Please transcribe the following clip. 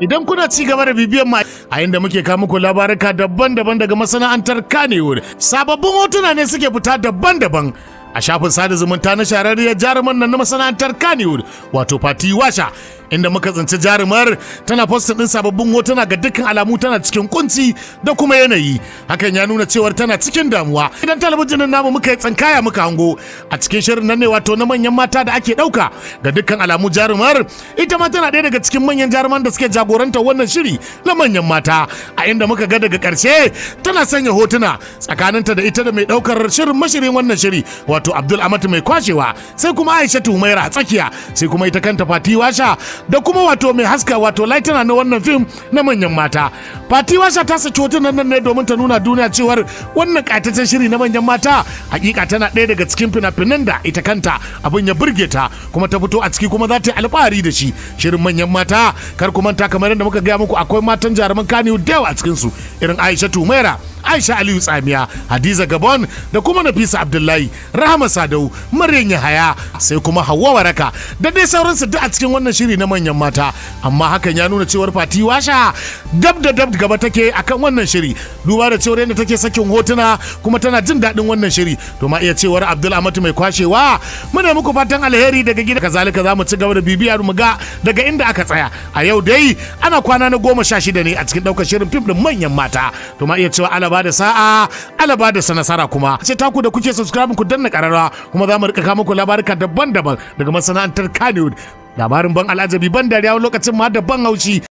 Idan kuna ci gaba da bibiyan ma a inda muke kawo muku labaruka daban-daban daga masana'antar Kannywood, sababbin hotuna ne suke fita daban-daban. a shafin sada zumunta na shahararriyar jaruman nan na masana'antar Kannywood wato Fati Washa inda muka tsinci jarumar tana fosta din sababbin hotuna ga dukkan alamu tana cikin kunci da kuma yanayi hakan ya nuna cewar tana cikin damuwa idan talabijin namu muka yi tsankaya muka hango a cikin shirin nan ne wato na manyan mata da ake dauka ga dukkan alamu jarumar ita ma tana ɗaya daga cikin manyan jaruman da suke jagoranta wannan shiri na manyan mata a inda muka ga daga ƙarshe tana sanya hotuna tsakaninta da ita da mai ɗaukar shirin mashirin wannan shiri wato abdul amat mai kwashewa sai kuma aishatu humaira a tsakiya sai kuma ita kanta fati washa da kuma wato mai haska wato laitana na wannan fim na manyan mata fati washa ta saki hotunan nan ne domin ta nuna duniya cewar wannan katacen shiri na manyan mata hakika tana ɗaya daga cikin fina-finan da ita kanta abin ya burge ta kuma ta fito a ciki kuma za ta yi alfahari da shi shirin manyan mata kar ku manta kamar yadda muka gaya muku akwai matan jaruman kaniyu da yawa a cikinsu irin aisha tumaira Aisha Aliyu Tsamiya, Hadiza Gabon da kuma Nafisa Abdullahi, Rahama Sadau, Maryam Yahaya, sai kuma Hauwa Waraka da dai sauransu duk a cikin wannan shiri na manyan mata. Amma hakan ya nuna cewar Fati Washa dab da dab gaba take akan wannan shiri. Duba da cewar yadda take sakin hotuna kuma tana jin daɗin wannan shiri. To ma iya cewar Abdul Amatu mai kwashewa muna muku fatan alheri daga gida kazalika za mu ci gaba da bibiyar mu ga daga inda aka tsaya. A yau dai ana kwana na goma sha shida ne a cikin ɗaukar shirin fim ɗin manyan mata. To ma iya cewa alaba da sa'a ala ba da sa nasara kuma ce taku da kuke subscribe ku danna karara kuma za mu rika kawo muku labaruka daban-daban daga masana'antar kanewood labarin ban al'ajabi ban dariya lokacin ma da ban haushi